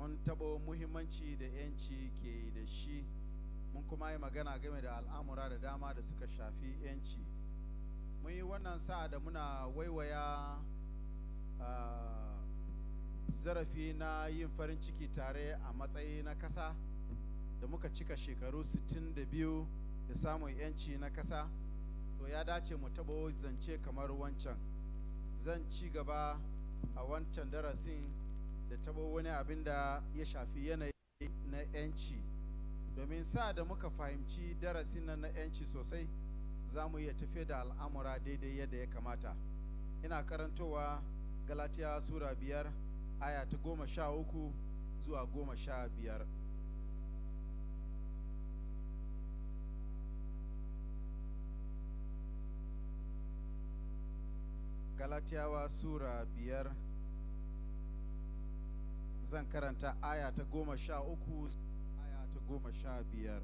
mun taɓo muhimmanci da 'yanci ke da shi mun kuma yi magana game da al'amura da dama da suka shafi 'yanci mun yi wannan sa'a da muna waiwaya zarafi na yin farin ciki tare a matsayi na kasa da muka cika shekaru 62 da samun 'yanci na kasa to ya dace mu taɓo zance kamar wancan zan ci gaba a wancan darasin da tabo wani abin da ya shafi yanayi na 'yanci domin sa da muka fahimci darasin nan na 'yanci sosai za mu iya tafiya da al'amura daidai yadda ya kamata ina karantowa galatiya sura biyar aya ta goma sha uku zuwa goma sha biyar galatiyawa sura biyar zan karanta aya ta goma sha uku aya ta goma sha biyar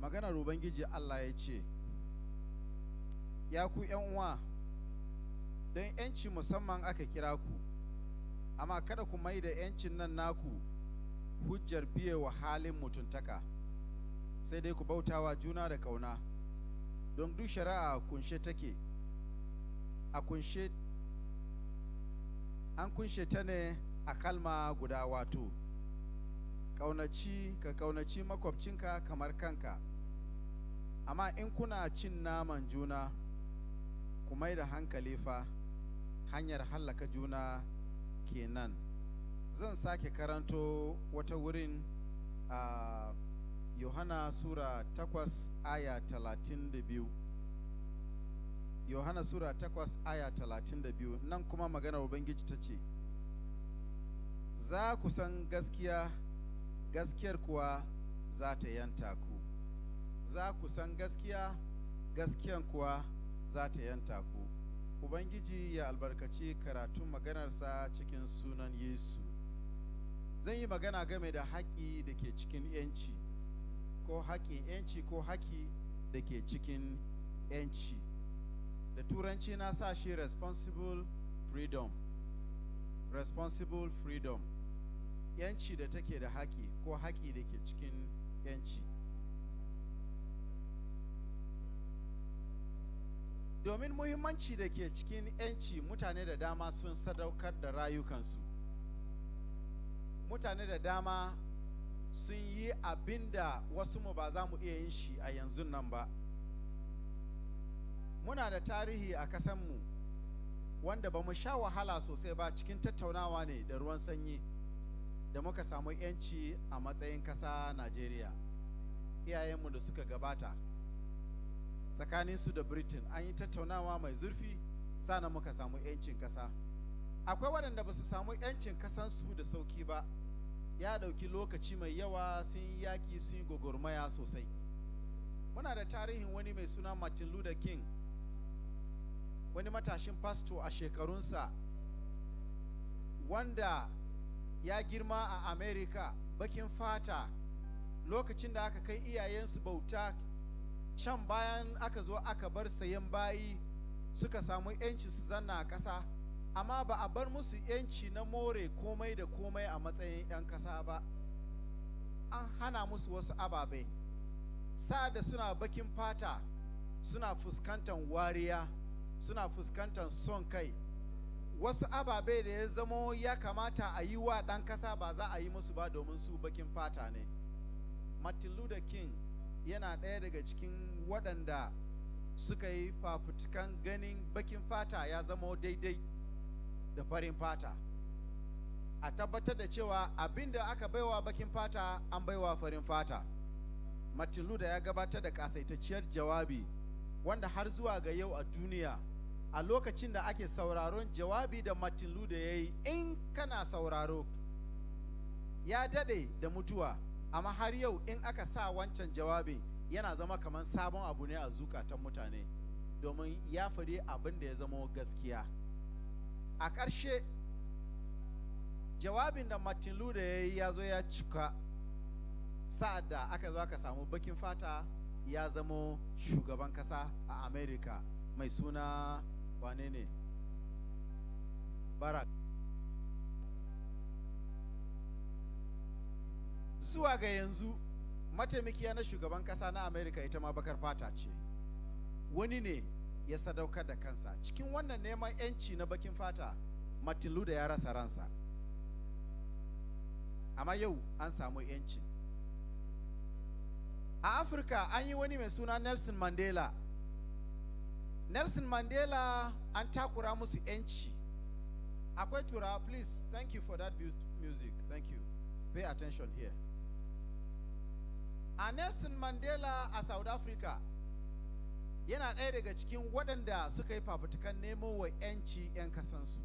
maganar ubangiji allah ya ce ya ku uwa don yanci musamman aka kira ku amma kada ku mai da yancin nan naku hujjar biye wa halin mutuntaka sai dai ku bautawa juna da ƙauna don duk shari'a kunshe take a kunshe an kunshe ta ne a kalma guda wato kaunaci ka kaunaci makwabcinka kamar kanka amma in kuna cin naman juna ku mai da hankali fa hanyar hallaka juna kenan zan sake karanto wata wurin a uh, yohana sura 8 aya 32 Yohana Sura takwas aya talatin da biyu nan kuma magana Ubangiji ta ce, Za ku san gaskiya, gaskiyar kuwa za ta yanta ku. Za ku san gaskiya, gaskiyan kuwa za ta yanta ku. Ubangiji ya albarkaci karatun maganarsa cikin sunan Yesu. Zan yi magana game da haƙi da ke cikin ‘yanci, ko haƙin ‘yanci ko haƙi da ke cikin ‘yanci. da turanci na sa shi responsible freedom responsible freedom yanci da take da haƙi ko haƙi da ke cikin yanci domin muhimmanci da ke cikin yanci mutane da dama sun sadaukar da rayukansu mutane da dama sun yi abinda da wasu mu ba za mu iya yin shi a yanzu nan ba muna da tarihi a kasanmu wanda ba mu sha wahala sosai ba cikin tattaunawa ne da ruwan sanyi da muka samu 'yanci a matsayin ƙasa najeriya iyayenmu da suka gabata tsakaninsu da britain an yi tattaunawa mai zurfi sana muka samu 'yancin ƙasa akwai waɗanda ba su samu 'yancin kasansu da sauki ba ya ɗauki lokaci mai yawa sun yi yaƙi sun yi gwagwarmaya sosai muna da tarihin wani mai suna martin luther king wani matashin fasto a shekarunsa wanda ya girma a america bakin fata lokacin da aka kai iyayensu bauta can bayan aka zo aka bar sayan bayi suka samu yanci su zanna a ƙasa amma ba a bar musu yanci na more komai da komai a matsayin 'yan ƙasa ba an hana musu wasu ababe sa da suna bakin fata suna fuskantar wariya suna fuskantar son kai wasu ababe da ya zamo ya kamata a yi wa ɗan ƙasa ba za a yi musu ba domin su bakin fata ne martin luther king yana ɗaya daga cikin waɗanda suka yi fafutukan ganin bakin fata ya zamo daidai da farin fata a tabbatar da cewa abin da aka baiwa bakin fata an baiwa farin fata martin luther ya gabatar da kasaitacciyar jawabi wanda har zuwa ga yau a duniya a lokacin da ake sauraron jawabi da Martin Luther ya yi in kana sauraro ya dade da mutuwa amma har yau in aka sa wancan jawabin yana zama kamar sabon abu ne a zukatan mutane domin ya fari abin da ya zama gaskiya a ƙarshe jawabin da Martin Luther ya yi ya zo ya cika sa'ad da aka zo aka samu bakin fata ya zama shugaban ƙasa a America mai suna wane ne barak zuwa ga yanzu mataimakiya na shugaban kasa na amerika ita ma bakar fata ce wani ne ya sadaukar da kansa cikin wannan neman yanci na bakin fata matilu da ya rasa ransa amma yau an samu yanci a afirka an yi wani mai suna nelson mandela Nelson Mandela an takura musu yanci akwai turawa please thank you for that music thank you pay attention here a Nelson Mandela a South Africa yana ɗaya daga cikin waɗanda suka yi fafutukan nemo wa 'yanci 'yan kasansu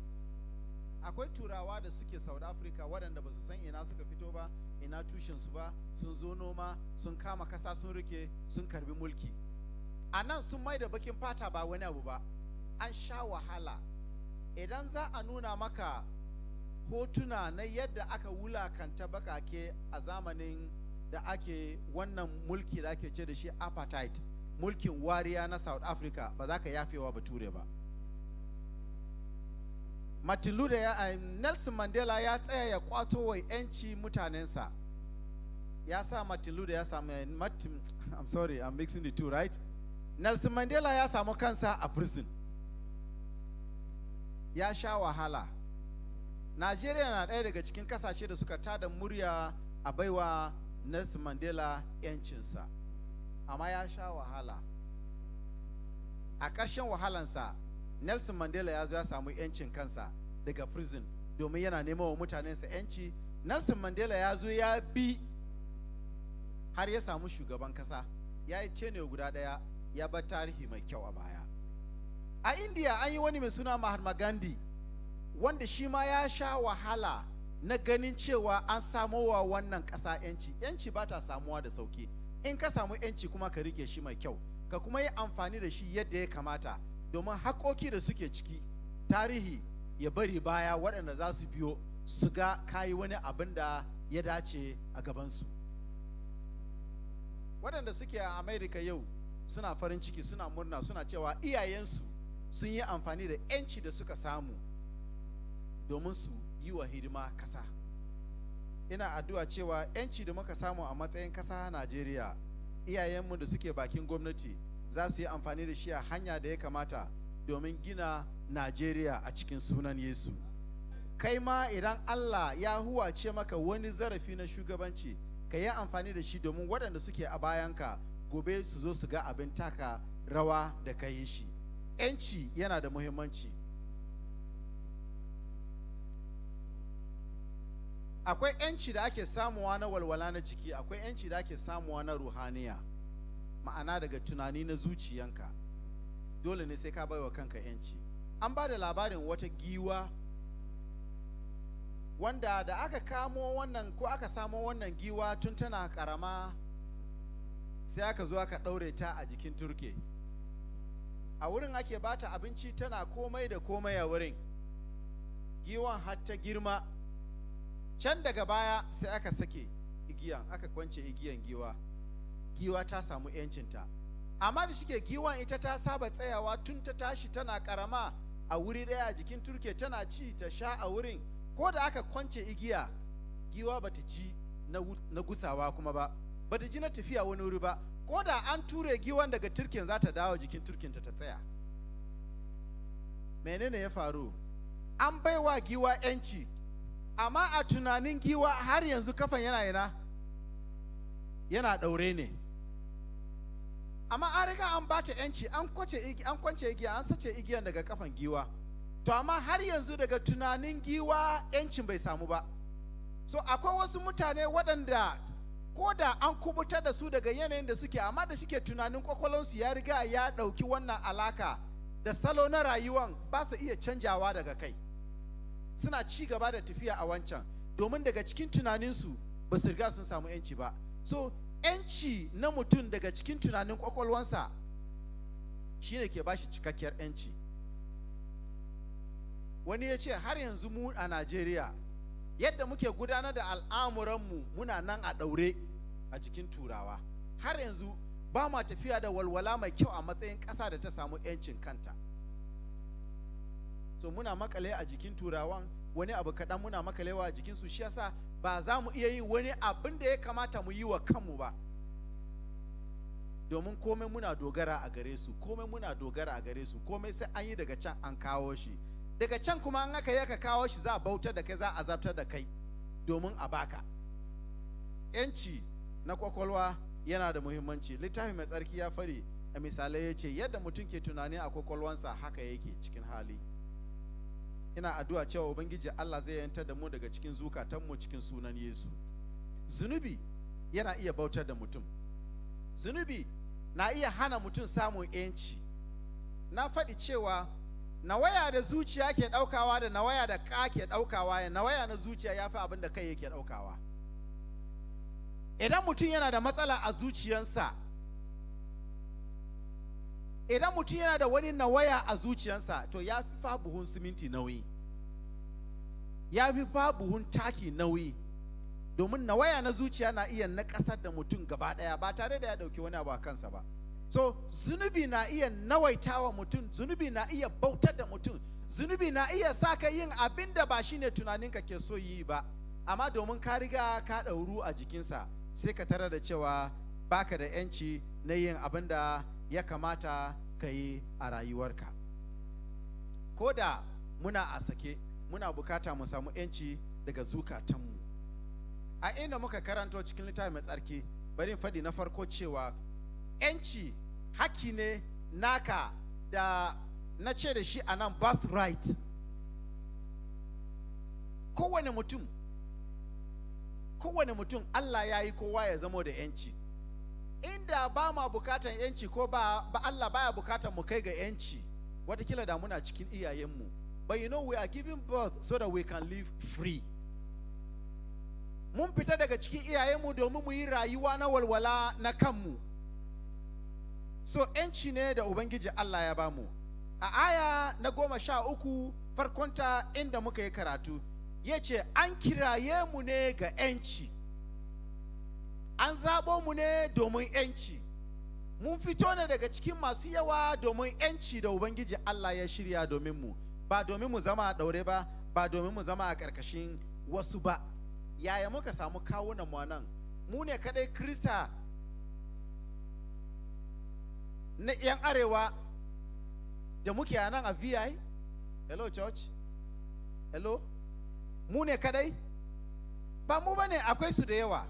akwai turawa da suke South Africa waɗanda ba su san ina suka fito ba ina tushensu ba sun zo noma sun kama kasa sun rike sun karbi mulki a nan sun mai da bakin fata ba wani abu ba an sha wahala idan za a nuna maka hotuna na yadda aka wulakanta bakake a zamanin da ake wannan mulki da ake ce da shi apartheid mulkin wariya na south africa ba za ka yafewa bature ba martin luther ya eh, nelson mandela ya tsaya ya kwato wa 'yanci mutanensa ya sa martin ya samu eh, martin i'm sorry i'm mixing the two right Nelson Mandela ya samu kansa a prison ya sha wahala Najeriya na ɗaya daga cikin kasashe da suka tada murya a baiwa Nelson Mandela 'yancinsa amma ya sha wahala a ƙarshen wahalansa Nelson Mandela ya zo ya samu 'yancin kansa daga prison domin yana neman wa mutanensa 'yanci Nelson Mandela ya zo ya bi har ya samu shugaban kasa ya yi guda ɗaya ya bar tarihi mai kyau a baya a india an yi wani mai suna mahatma gandhi wanda shi ma ya sha wahala na ganin cewa an samowa wannan ƙasa yanci yanci ba ta samuwa da sauki in ka samu yanci kuma ka rike shi mai kyau ka kuma yi amfani da shi yadda ya kamata domin haƙoƙi da suke ciki tarihi ya bari baya waɗanda za su biyo su ga kayi wani abin da ya dace a gabansu waɗanda suke a amerika yau suna farin ciki suna murna suna cewa iyayensu sun yi amfani da 'yanci da suka samu domin su yi wa hidima kasa ina addu'a cewa 'yanci da muka samu a matsayin kasa najeriya iyayenmu da suke bakin gwamnati za su yi amfani da shi a hanya da ya kamata domin gina najeriya a cikin sunan yesu kai ma idan allah ya huwace maka wani zarafi na shugabanci ka yi amfani da shi domin waɗanda suke a bayanka gobe su zo su ga abin taka rawa da ka yi shi yanci yana da muhimmanci akwai yanci da ake samuwa na walwala na jiki akwai yanci da ake samuwa na ruhaniya ma'ana daga tunani na zuciyanka dole ne sai ka baiwa kanka yanci an ba da labarin wata giwa wanda da aka kamo wannan ko aka samo wannan giwa tun tana karama sai aka zo aka ɗaure ta a jikin turke a wurin ake bata abinci tana komai da komai a wurin giwan har girma can daga baya sai aka sake igiyan aka kwance igiyan giwa giwa ta samu yancinta amma da shike giwan ita ta saba tsayawa tun ta tashi tana karama a wuri ɗaya a jikin turke tana ci ta sha a wurin ko da aka kwance igiya giwa bata ci na gusawa kuma ba ba ta ji na tafiya wani wuri ba ko da an ture giwan daga turkin za ta dawo jikin turkinta ta tsaya menene ya faru an baiwa giwa yanci amma a tunanin giwa har yanzu kafan yana yana yana daure ne amma an riga an bata yanci an kwance igiya an sace igiyan daga kafan giwa to amma har yanzu daga tunanin giwa yancin bai samu ba so akwai wasu mutane waɗanda ko da an kubutar da su daga yanayin da suke amma da suke tunanin kwakwalonsu ya riga ya ɗauki wannan alaka da salo na rayuwan ba su iya canjawa daga kai suna ci gaba da tafiya a wancan domin daga cikin tunaninsu ba su riga sun samu yanci ba so yanci na mutum daga cikin tunanin kwakwalwansa shine ke ba shi cikakkiyar yanci wani ya ce har yanzu mu a najeriya yadda muke gudanar da al'amuranmu muna nan a ɗaure a jikin turawa har yanzu ba ma tafiya da walwala mai kyau a matsayin ƙasa da ta samu 'yancin kanta so muna makale a jikin turawan wani abu kaɗan muna makalewa a jikinsu shi yasa ba za mu iya yi wani abin da ya kamata mu yi wa kanmu ba domin komai muna dogara a gare su komai muna dogara a gare su komai sai an yi daga can an kawo shi daga can kuma an aka yi ka kawo shi za a bautar da kai za a azabtar da kai domin a baka 'yanci na kwakwalwa yana da muhimmanci littafi mai tsarki ya fari a misalai ya ce yadda mutum ke tunani a kwakwalwansa haka yake cikin hali ina addu'a cewa ubangiji Allah zai yantar da mu daga cikin zukatanmu cikin sunan Yesu zunubi yana iya bautar da mutum zunubi na iya hana mutum samun yanci na faɗi cewa nawaya da zuciya ke ɗaukawa da nawaya da ka ke ɗaukawa nawaya na zuciya ya fi abin da kai yake ɗaukawa idan mutum yana da matsala a zuciyarsa idan mutum yana da wani nawaya a zuciyarsa to ya fi fa siminti nauyi ya fi fa taki nauyi domin nawaya na zuciya na iya na ƙasar da mutum gaba ɗaya ba tare da ya ɗauki wani abu a kansa ba so zunubi na iya nawaita wa mutum zunubi na iya bautar da mutum zunubi na iya sa ka yin abin da ba ne tunaninka ke so yi ba amma domin ka riga ka ɗauru a jikinsa sai ka tara da cewa baka da yanci na yin abin da ya kamata ka yi a rayuwarka ko da muna a sake muna bukata mu samu yanci daga zukatanmu a inda muka karanto cikin littafi mai tsarki bari faɗi na farko cewa yanci haki ne naka da na ce da shi a nan birthright kowane mutum kowane mutum Allah ya yi kowa ya zama da yanci inda ba ma bukatan yanci ko ba, ba Allah baya bukatan mu kai ga yanci watakila da muna cikin iyayenmu but you know we are giving birth so that we can live free mun fita daga cikin iyayenmu domin mu yi rayuwa na walwala na kanmu so yanci ne da ubangiji Allah ya bamu a aya na goma sha uku farkonta inda muka yi karatu ya ce an kiraye mu ne ga 'yanci an zaɓo mu ne domin 'yanci mun fito ne daga cikin masu yawa domin 'yanci da ubangiji allah ya shirya domin mu ba domin mu zama a ɗaure ba ba domin mu zama a ƙarƙashin wasu ba yaya muka samu kawunan mu nan mu ne kaɗai krista na 'yan arewa da muke a nan a vi hello church hello mu ne kadai ba mu bane akwai su da yawa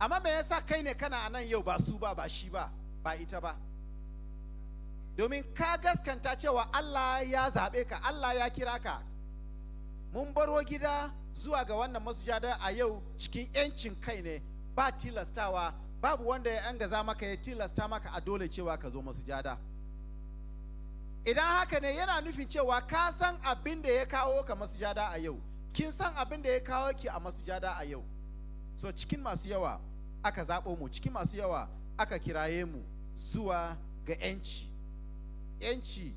amma me yasa kai ne kana nan yau ba su ba ba shi ba ba ita ba domin ka gaskanta cewa Allah ya zaɓe ka Allah ya kira ka mun baro gida zuwa ga wannan masujada a yau cikin yancin kai ne ba tilastawa babu wanda ya an gaza maka ya tilasta maka a dole cewa ka zo masujada idan haka ne yana nufin cewa ka san abin da ya kawo ka masujada a yau kin san abin da ya kawo ki a masujada a yau so cikin masu yawa aka zaɓo mu cikin masu yawa aka kiraye mu zuwa ga 'yanci 'yanci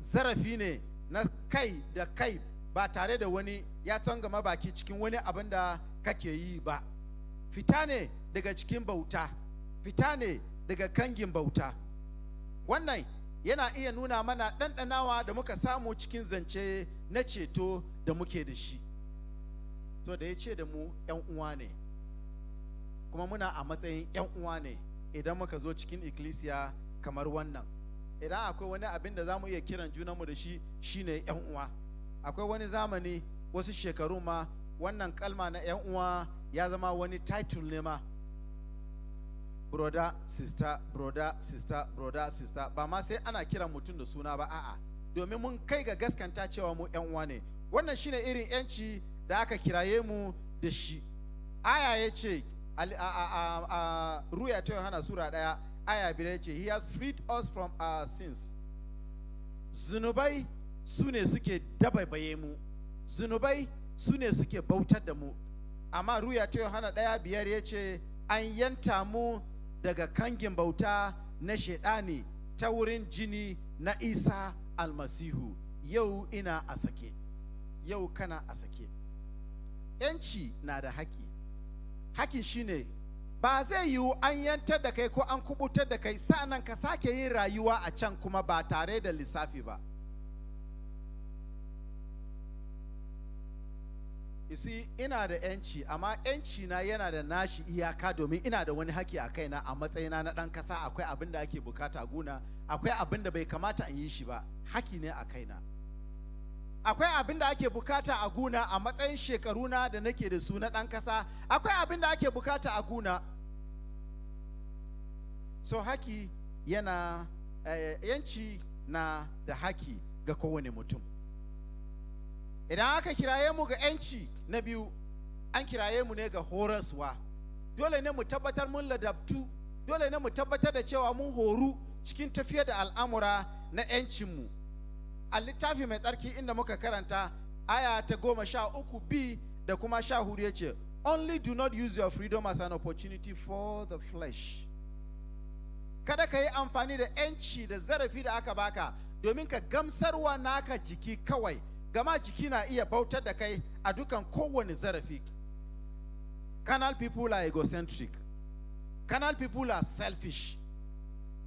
zarafi ne na kai da kai ba tare da wani ya tsangama baki cikin wani abin da kake yi ba fita ne daga cikin bauta fita ne daga kangin bauta wannan yana iya nuna mana ɗanɗanawa da muka samu cikin zance na ceto da muke da shi to da ya ce da mu ‘yan uwa ne kuma muna a matsayin ‘yan uwa ne idan muka zo cikin ikkilisiya kamar wannan idan akwai wani abin da za mu iya kiran junanmu da shi shine ‘yan uwa akwai wani zamani wasu shekaru ma wannan kalma na ‘yan uwa ya zama wani title ne ma broda sister broda sister broda sister ba ma sai ana kiran mutum da suna ba a'a domin mun kai ga gaskanta cewa mu yan uwa wannan shine irin yanci da aka kiraye mu da shi aya ya ce ruya ta yohana sura daya aya biyar ce he has freed us from our sins zunubai su ne suke dabaibaye mu zunubai su ne suke bautar da mu amma ruya ta yohana daya biyar ya an yanta mu daga kangin bauta na shaidani ta wurin jini na isa almasihu yau ina a sake yau kana a sake yanci na da haƙi haƙin shine ba zai yiwu an yantar da kai ko an kubutar da kai sa'annan ka sake yin rayuwa a can kuma ba tare da lissafi ba isi ina da yanci amma yanci na yana da nashi iyaka domin ina da wani haki a kaina a matsayina na ɗan ƙasa akwai abin da ake bukata guna akwai abin da bai kamata in yi shi ba haki ne a kaina akwai abin da ake bukata a guna a matsayin shekaruna da nake da su na ɗan ƙasa akwai abin da ake bukata a guna so haki yana yanci eh, na da haki ga kowane mutum idan aka kiraye mu ga ‘yanci na biyu an kiraye mu ne ga horaswa dole ne mu tabbatar mun ladabtu dole ne mu tabbatar da cewa mun horu cikin tafiya da al'amura na ‘yancinmu a littafi mai tsarki inda muka karanta aya ta goma sha uku b da kuma sha hudu ya ce only do not use your freedom as an opportunity for the flesh kada ka yi amfani da ‘yanci da zarafi da aka baka domin ka gamsarwa naka jiki kawai gama jiki na iya bautar da kai a dukan kowane zarafi canal people are egocentric canal people are selfish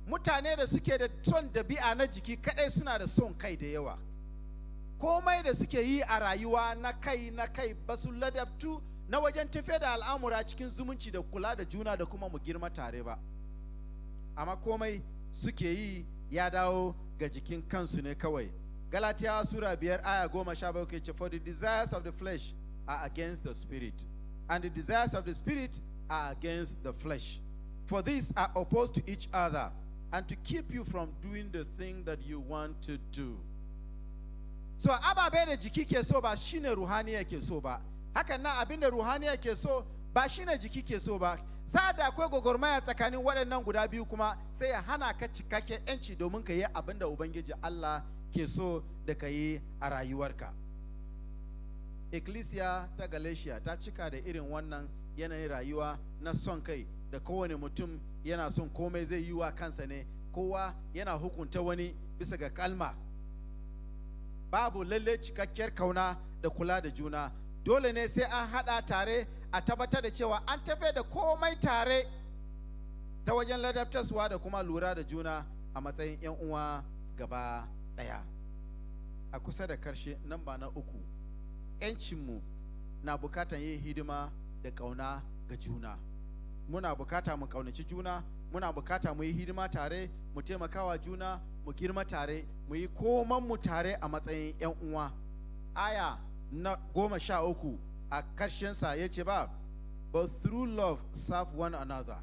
mutane da suke da son dabi'a na jiki kadai suna da son kai da yawa komai da suke yi a rayuwa na kai na kai ba su ladabtu na wajen tafiya da al'amura cikin zumunci da kula da juna da kuma mu girma tare ba amma komai suke yi ya dawo ga jikin kansu ne kawai Galatia Surah biyar aya goma sha bakwai ce for the desires of the flesh are against the spirit and the desires of the spirit are against the flesh for these are opposed to each other and to keep you from doing the thing that you want to do so ababe da jiki ke so ba shine ruhaniya ke so ba hakan nan abin da ruhaniya ke so ba shine jiki ke so ba sa'ad da akwai gwagwarmaya tsakanin waɗannan guda biyu kuma sai ya hana ka enchi yanci domin ka yi abin da ubangiji Allah ke so da ka yi a rayuwarka ecclesia ta galatia ta cika da irin wannan yanayin rayuwa na son kai da kowane mutum yana son komai zai yi wa kansa ne kowa yana hukunta wani bisa ga kalma babu lalle cikakkiyar kauna da kula da juna dole ne sai an haɗa tare a tabbatar da cewa an tafe da komai tare ta wajen ladabtaswa da kuma lura da juna a matsayin 'yan uwa gaba ɗaya. a kusa da karshe nan ba na uku ‘yancinmu na bukatan yin hidima da ƙauna ga juna muna bukata mu ƙaunaci juna muna bukata mu yi hidima tare mu taimakawa juna mu girma tare mu yi mu tare a matsayin 'yan uwa aya na goma sha uku a karshensa ya ce ba but through love serve one another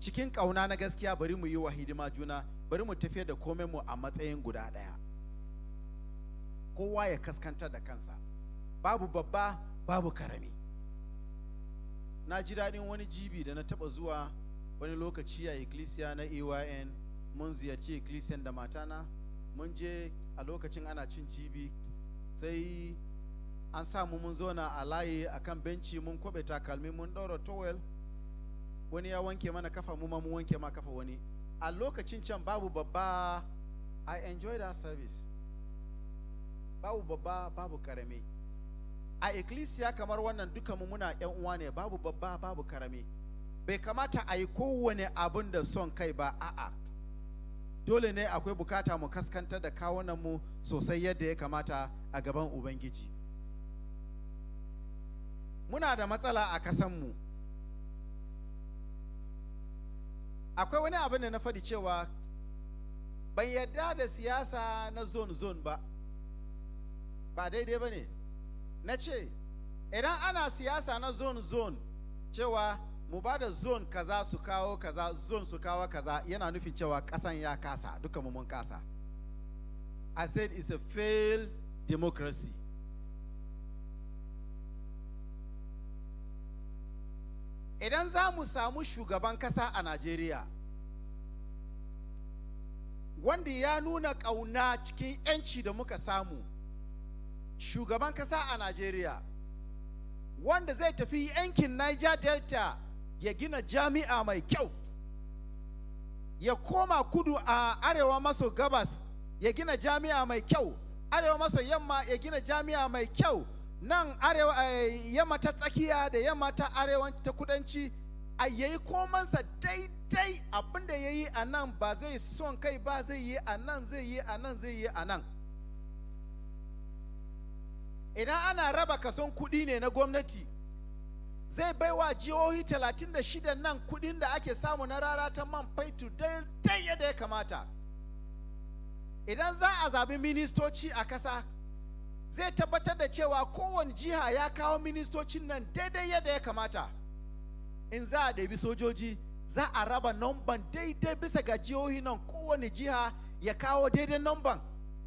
cikin ƙauna na gaskiya bari mu yi wa hidima juna bari mu tafiya da komai mu a matsayin guda ɗaya kowa ya kaskantar da kansa babu babba babu karami na ji daɗin wani jibi da na taɓa zuwa wani lokaci a ikkilisiya na EYN mun ziyarci ikkilisiyan da matana mun je a lokacin ana cin jibi sai an samu mun zauna a layi a kan benci mun kwaɓe takalmi mun ɗaura towel wani ya wanke mana kafa mu ma mun wanke ma kafa wani a lokacin can babu babba i enjoy that service babu babba babu karame a ikkilisiya kamar wannan dukanmu muna yan uwa ne babu babba babu karame bai kamata a yi kowane abin da son kai ba a'a dole ne akwai bukata mu kaskantar da kawunan mu sosai yadda ya kamata a gaban ubangiji muna da matsala a kasanmu akwai wani abin da na faɗi cewa ban yarda da siyasa na zone zone ba ba daidai ba ne na ce idan ana siyasa na zone zone cewa mu ba da zone kaza su kawo kaza zone su kawo kaza yana nufin cewa kasan ya kasa duka mun kasa i said it's a failed democracy idan za mu samu shugaban kasa a najeriya wanda ya nuna ƙauna cikin 'yanci da muka samu shugaban kasa a najeriya wanda zai tafi yankin niger delta ya gina jami'a mai kyau ya koma kudu a arewa maso gabas ya gina jami'a mai kyau arewa maso yamma ya gina jami'a mai kyau nan arewa eh, yamma ta tsakiya da yamma ta arewa ta kudanci a yayi komansa daidai abin da ya yi a nan ba zai son kai ba zai yi a nan zai yi a nan zai yi a nan idan ana raba kason kudi ne na gwamnati zai baiwa jihohi 36 nan kudin da ake samu na rara ta man faitu daidai yadda ya kamata idan za a zabi ministoci a ƙasa zai tabbatar da cewa kowane jiha ya kawo ministocin nan daidai yadda ya kamata in za a ɗabi sojoji za a raba nomban daidai bisa ga jihohi nan kowane jiha ya kawo daidai nomban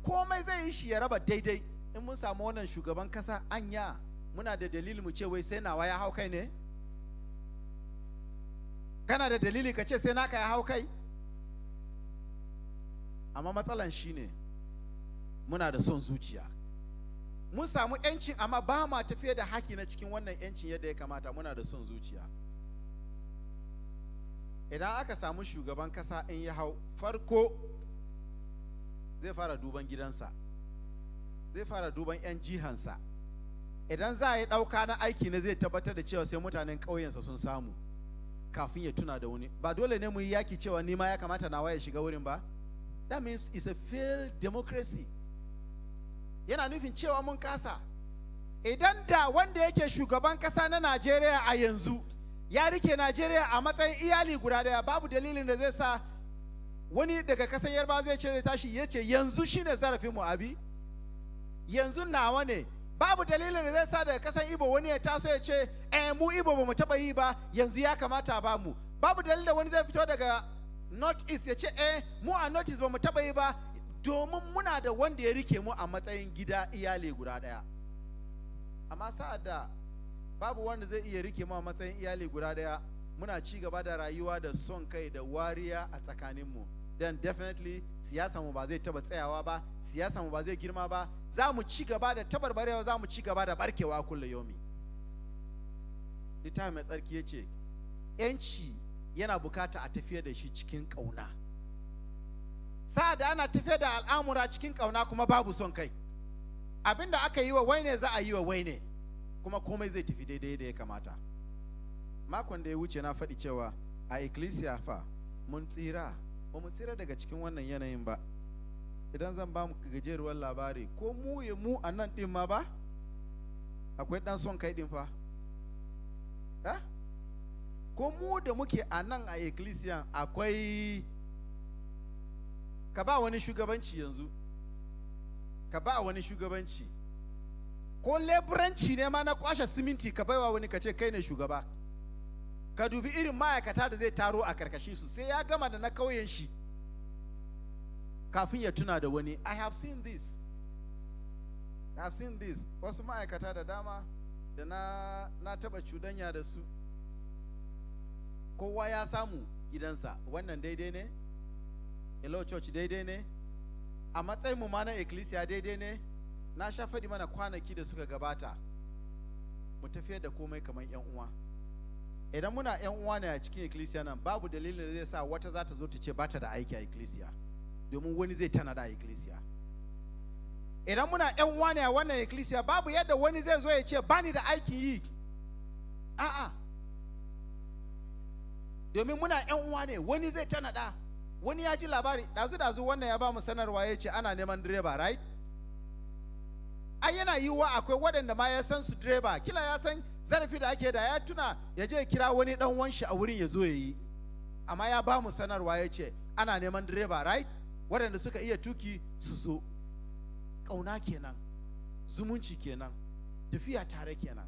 komai zai yi shi ya raba daidai in mun samu wannan shugaban kasa anya muna da dalili mu ce wai sai nawa ya hau kai ne kana da dalili ka ce sai naka ya hau kai amma matsalan shine muna da son zuciya mun samu yancin amma ba ma tafiye da haki na cikin wannan yancin yadda ya kamata muna da son zuciya idan aka samu shugaban kasa in ya hau farko zai fara duban gidansa zai fara duban 'yan jihansa idan za a yi ɗauka na aiki na zai tabbatar da cewa sai mutanen ƙauyensa sun samu kafin ya tuna da wani ba dole ne mu yi yaki cewa nima ya kamata nawa ya shiga wurin ba that means it's a failed democracy yana nufin cewa mun kasa idan da wanda yake shugaban kasa na najeriya a yanzu ya rike najeriya a matsayin iyali guda daya babu dalilin da zai sa wani daga kasan yarba zai ce zai tashi ya ce yanzu shine zarafin mu abi yanzu nawa ne babu dalilin da zai sa daga kasan ibo wani ya taso ya ce eh mu ibo ba mu taba yi ba yanzu ya kamata ba mu babu dalilin da wani zai fito daga north east ya ce eh mu a north east ba mu taba yi ba domin muna da wanda ya rike mu a matsayin gida iyali guda ɗaya amma sa'ad da babu wanda zai iya rike mu a matsayin iyali guda ɗaya muna ci gaba da rayuwa da son kai da wariya a tsakaninmu then definitely siyasa mu ba zai taba tsayawa ba siyasa mu ba zai girma ba za mu ci gaba da tabarbarewa za mu ci gaba da barkewa kulle yomi littafin mai tsarki yace ce yanci yana bukata a tafiya da shi cikin ƙauna da ana tafiya da al'amura cikin ƙauna kuma babu son kai abinda aka yi wa waine za a yi wa waine kuma komai zai tafi daidai da ya kamata makon da ya wuce na faɗi cewa a ikkilisiya fa mun tsira ba mu tsira daga cikin wannan yanayin ba idan zan ba mu gajeruwar labari ko mu ya mu a nan ɗin ma ba akwai ɗan son kai ɗin fa eh? ko mu da muke a nan a ikkilisiya akwai ka ba wani shugabanci yanzu ka ba wani shugabanci ko leburanci ne ma na kwashe siminti ka baiwa wani ka ce kai ne shugaba ka dubi irin ma'aikata da zai taro a karkashin su sai ya gama da na kauyen shi kafin ya tuna da wani i have seen this i have seen this wasu ma'aikata da dama da na na taba cudanya da su kowa ya samu gidansa wannan daidai ne hello church daidai ne a matsayin mu ma na ecclesia daidai ne na sha faɗi mana kwanaki da suka gabata mu tafiyar da komai kamar yan uwa idan muna yan uwa ne a cikin ecclesia nan babu dalilin da zai sa wata za ta zo ta ce ba ta da aiki a ecclesia domin wani zai tana da ecclesia idan muna yan uwa ne a wannan ecclesia babu yadda wani zai zo ya ce ba ni da aiki yi a'a domin muna yan uwa ne wani zai tana da wani ya ji labari dazu dazu wannan ya ba mu sanarwa ya ce ana neman direba right ai yana yiwuwa akwai waɗanda ma ya san su direba kila ya san zarafi da ake da ya tuna ya je kira wani dan wan shi a wurin ya zo ya yi amma ya ba mu sanarwa ya ce ana neman direba right waɗanda suka iya tuki su zo ƙauna kenan zumunci kenan tafiya tare kenan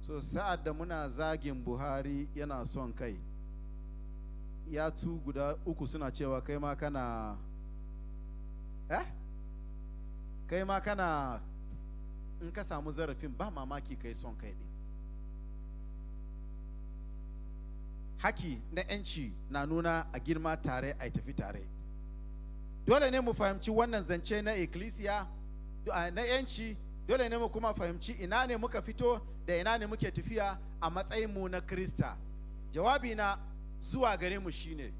so sa'ad da muna zagin buhari yana son kai Ya tu guda uku suna cewa kai ma kana eh kai ma kana in ka samu zarafin ba mamaki kai son kai ɗin haki na 'yanci na nuna a girma tare a tafi tare dole ne mu fahimci wannan zance na ikkilisiya na 'yanci dole ne mu kuma fahimci ina ne muka fito da ina ne muke tafiya a matsayin mu na krista jawabi na zuwa gare mu shine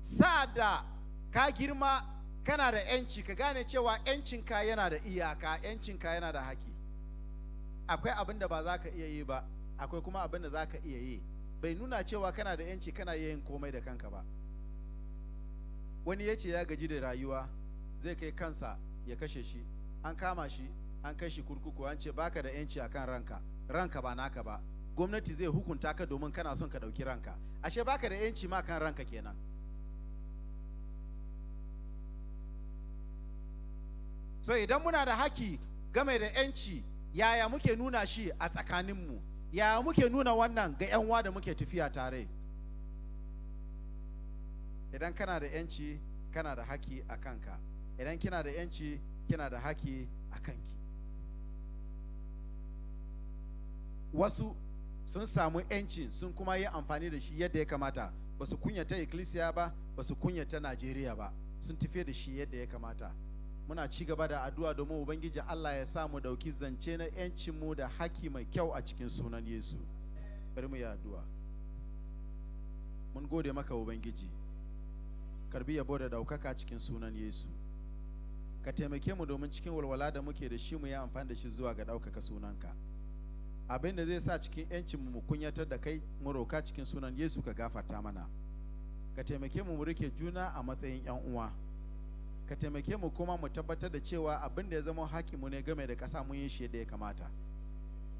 sa da ka girma kana da yanci ka gane cewa yancinka yana da iyaka yancinka yana da haƙi akwai abin da ba za ka iya yi ba akwai kuma abin da za ka iya yi bai nuna cewa kana da yanci kana yin komai da kanka ba wani ya ce ya gaji da rayuwa zai kai kansa ya kashe shi an kama shi an kashe kurkuku an ce baka da yanci akan ranka ranka ba naka ba gwamnati zai hukunta ka domin kana son ka ɗauki ranka ashe baka da yanci ma kan ranka kenan so idan muna da haki game da yanci yaya muke nuna shi a tsakaninmu yaya muke nuna wannan ga 'yan da muke tafiya tare idan kana da yanci kana da haki a kanka idan kina da yanci kina da haki a kanki wasu sun samu yanci sun kuma yi amfani da shi yadda ya kamata ba su kunyata ikkilisiya ba ba su kunyata najeriya ba sun tafi da shi yadda ya kamata muna ci gaba da addu'a domin ubangiji allah ya samu dauki zance na mu da haki mai kyau a cikin sunan yesu bari mu yi addu'a mun gode maka ubangiji karbi yabo da daukaka cikin sunan yesu ka taimake mu domin cikin walwala da muke da shi mu yi amfani da shi zuwa ga daukaka sunanka abin da zai sa cikin yancin mu kunyatar da kai mu roka cikin sunan Yesu ka gafarta mana ka taimake mu mu rike juna a matsayin yan uwa ka taimake mu kuma mu tabbatar da cewa abin da ya zama mu ne game da ƙasa mun yi shi yadda ya kamata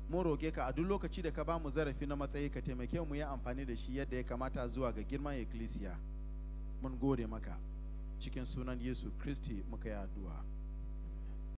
mu roke ka a duk lokaci da ka ba mu zarafi na matsayi ka taimake mu yi amfani da shi yadda ya kamata zuwa ga girman ikkilisiya mun gode maka cikin sunan Yesu Kristi muka yi addu'a